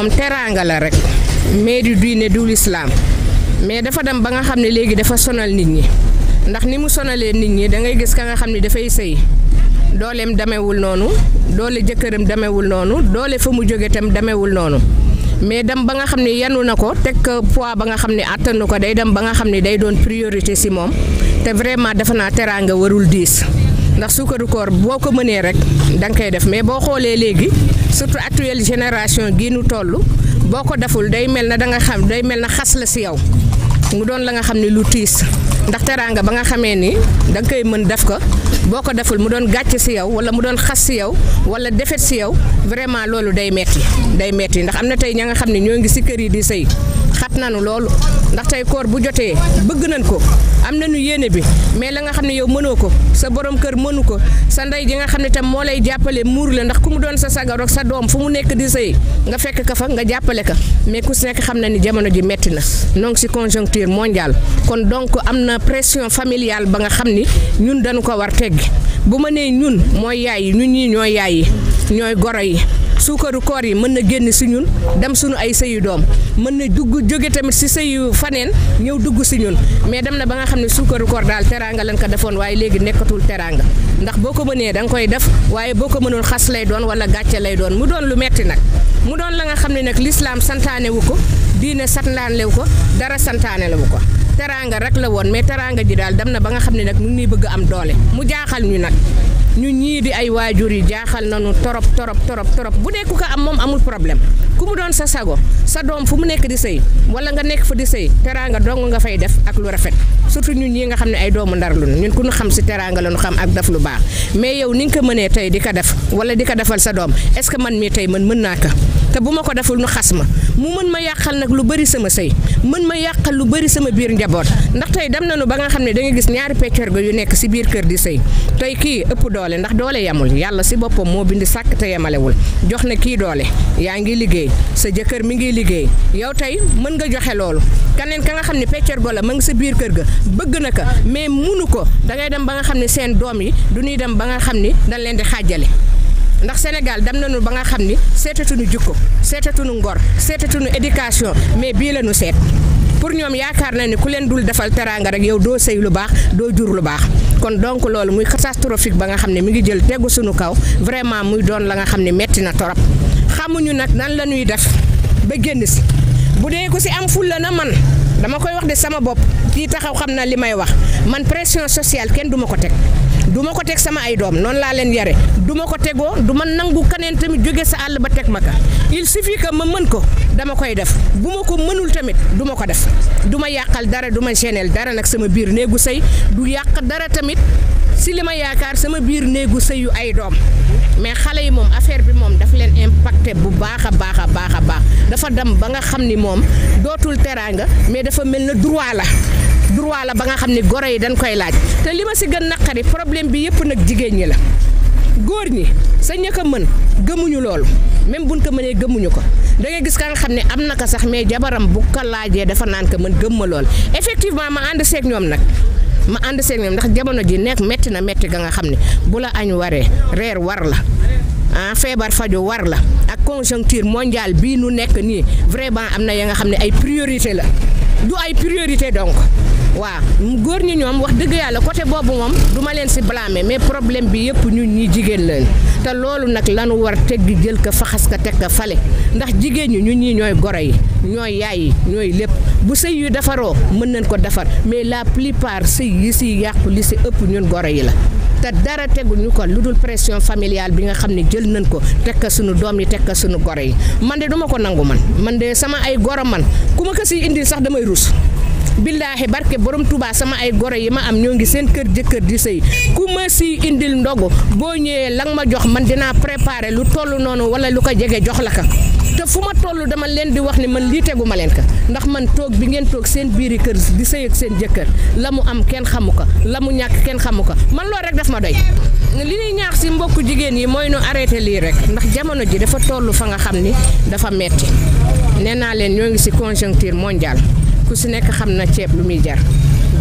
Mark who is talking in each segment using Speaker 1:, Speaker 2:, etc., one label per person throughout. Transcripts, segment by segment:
Speaker 1: moom teraanga la rek mais du ne du lislaam mais dafa dem ba nga xam ne léegi dafa sonal nit ñi ndax ni mu sonalee nit ñi da ngay gis ka nga xam ne dafay sëy dooleem demewul noonu doole jëkkëram demewul noonu doole fa mu jóge tam demewul noonu mais dem ba nga xam ne yanu na ko teg pois ba nga xam ne àttanu ko day dem ba nga xam ne day doon priorité si moom te vraiment dafa naa teraanga warul diis. ndax suukaru koor boo ko mënee rek danga koy def mais boo xoolee léegi surtout actuelle génération gi nu toll boo ko deful day mel na da nga xam day mel na xas la si yow mu doon la nga xam ni lu tiis ndax teraanga ba nga xamee ni danga koy mën def ko boo ko deful mu doon gàcc si yow wala mu doon xas si yow wala defet si yow vraiment loolu day metti day metti ndax am na tey ña nga xam ne ñoo ngi si kër yi di sëy xat nañu loolu ndax tey koor bu jotee bëgg nañ ko am na nañu yéene bi mais la nga xam ne yow mënoo ko sa borom kër mënu ko sa ndey ji nga xam ne tam moo lay jàppale muur la ndax ku mu doon sa sagar sa doom fu mu nekk di sëy nga fekk ka fa nga jàppale ka mais ku si nekk xam na ni jamono ji metti na donc si conjoncture mondiale kon donc am na pression familiale ba nga xam ni ñun dañu ko war teggi bu ma nee ñun mooy yaay yi ñun ñii ñooy yaay yi ñooy goro yi suukaru koor yi mën na génn si ñun dem suñu ay sëyu doom mën na dugg jóge tamit si sëyu faneen ñëw dugg si ñun mais dem na ba nga xam ne suukaru koor daal teraanga lañ ko defoon waaye léegi nekkatul teraanga ndax boo ko mënee da koy def waaye boo ko mënul xas lay doon wala gàcce lay doon mu doon lu metti nag mu doon la nga xam ne nag lislaam santaane wu ko diine santaane wu ko dara santaane la wu ko teraanga rek la woon mais teraanga ji daal dem na ba nga xam ne nag mu ngi bëgg am doole mu jaaxal ñun ñii di ay waajur yi jaaxal na torop torop torop torop bu dee ku ko am moom amul problème ku mu doon sa sago sa doom fu mu nekk di sëy wala nga nekk fa di sëy teraanga dong nga fay def ak lu rafet surtout ñun ñii nga xam ne ay doomu ndar lu ñun ku ñu xam si teraanga la ñu xam ak def lu baax mais yow ni nga ko mënee tey di ko def wala di defal sa doom est ce que man mii tey man mën naa ko te bu ma ko deful nu xas ma mu mën ma yàqal nag lu bëri sama sëy mën ma yàqal lu bëri sama biir njaboot ndax tey dem nañu ba nga xam ne da gis ñaari peccorgo yu nekk si biir kër di sëy kii ëpp doole doole ndax doole yamul yàlla si boppam moo bind sàkk te yemalewul jox na kii doole yaa ngiy liggéey sa jëkkër mi ngiy liggéey yow tey mën nga joxe loolu keneen ka nga xam ne peccer go la ma ngi sa biir kër ga bëgg na ko mais munu ko dangay dem ba nga xam ne seen doom yi du ñuy dem ba nga xam ni dañ leen di xàjjale ndax Sénégal dem nañu ba nga xam ni seetatuñu jukko seetatuñu ngor seetatuñu éducation mais bii la ñu seet pour ñoom yaakaar na ni ku leen dul defal teraanga rek yow doo sëy lu baax doo jur lu baax kon donc loolu muy catastrophique ba nga xam ne mu ngi jël tegu suñu kaw vraiment muy doon la nga xam ne metti na torop xamuñu nag nan la ñuy def ba génn si bu dee ko si am fulla na man dama koy wax de sama bopp kii taxaw xam na li may wax man pression sociale kenn duma ko teg du ma ko teg sama ay doom noonu laa leen yare du ma ko tegoo du ma nangu keneen tamit jóge sa àll ba teg ma ka il suffit que ma mën ko dama koy def bu ko mënul tamit du ma ko def du ma yàqal dara du ma génneel dara nag sama biir néegu sëy du yàq dara tamit si li ma yaakaar sama biir néegu sëyu ay doom mais xale yi moom affaire bi moom daf leen impacté bu baax a baax a baax dem ba nga xam ni moom dootul teraanga mais dafa mel na droit la droit la ba nga xam ni goro yi dañ koy laaj te li ma si gën naqari problème bi yëpp nag jigéen ñi la góor ñi sa ñëkk a mën gëmuñu loolu même buñ ko mënee gëmuñu ko dangay gis ka nga xam ne am na ko sax mais jabaram bu ko laajee dafa naan ko mën gëm ma lool effectivement ma ànd seeg ñoom nag ma ànd seeg ñoom ndax jamono ji nekk métti na métti ga nga xam ne bu la añ waree reer war la ah feebar fajo war la ak conjoncture mondiale bii nu nekk nii vraiment am na ya nga xam ne ay priorité la du ay priorité donc waaw góor ñi ñoom wax dëgg yàlla côté boobu moom du ma leen si blâmer mais problème bi yëpp ñun ñi jigéen lañ te loolu nag lanu war teggi jël ko faxas ka teg ka fale ndax jigéen ñi ñu ñii ñooy goro yi ñooy yaay yi ñooy lépp bu sëy yu defaroo mën nañ ko defar mais la plupart sëy yi si yàqu li si ëpp ñun goro yi la te dara teguñu ko lu dul pression familiale bi nga xam ne jël nañ ko teg ko suñu doom yi teg ko suñu goro yi man de duma ko nangu man man de sama ay goro man ku ma ko si indil sax damay ruus billaahi barke borom tubaa sama ay goro yi ma am ñoo ngi seen kër jëkkër di sëy ku ma si indil ndogu boo ñëwee la nga ma jox man dinaa préparer lu toll noonu wala lu ko jege jox la ka te fu ma toll dama leen di wax ni man lii teguma leen ka ndax man toog bi ngeen toog seen biiri kër di sëy ak seen jëkkër la mu am kenn xamu ko la mu ñàkk kenn xamu ko man loolu rek daf ma doy li ñuy ñaax si mbokku jigéen yi mooy nu arrêté lii rek ndax jamono ji dafa toll fa nga xam ni dafa metti nee naa leen ñoo ngi si conjoncture mondiale ku si nekk xam na ceeb lu muy jar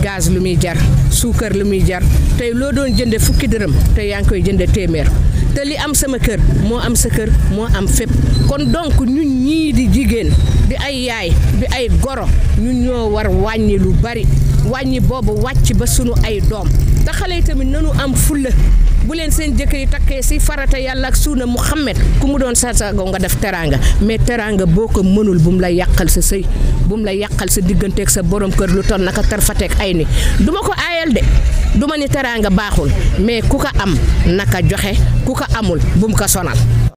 Speaker 1: gaz lu muy jar suukar lu muy jar tey loo doon jënde fukki dërëm te yaa ngi koy jënde téeméer te li am sama kër moo am sa kër moo am fépp kon donc ñu ñii di jigéen di ay yaay di ay goro ñu ñoo war wàññi lu bari wàññi boobu wàcc ba sunu ay doom te xale yi tamit nanu am fulla bu leen seen jëkkër yi takkee si farata yàlla ak suuna Muhammad ku mu doon sasago nga def teraanga mais teraanga boo ko mënul bu mu la yàqal sa sëy bu mu la yàqal sa digganteeg sa borom kër lu toll naka tarfateeg ay ni duma ko aayal de duma ni teraanga baaxul mais ku ko am naka joxe ku ko amul bu mu ko sonal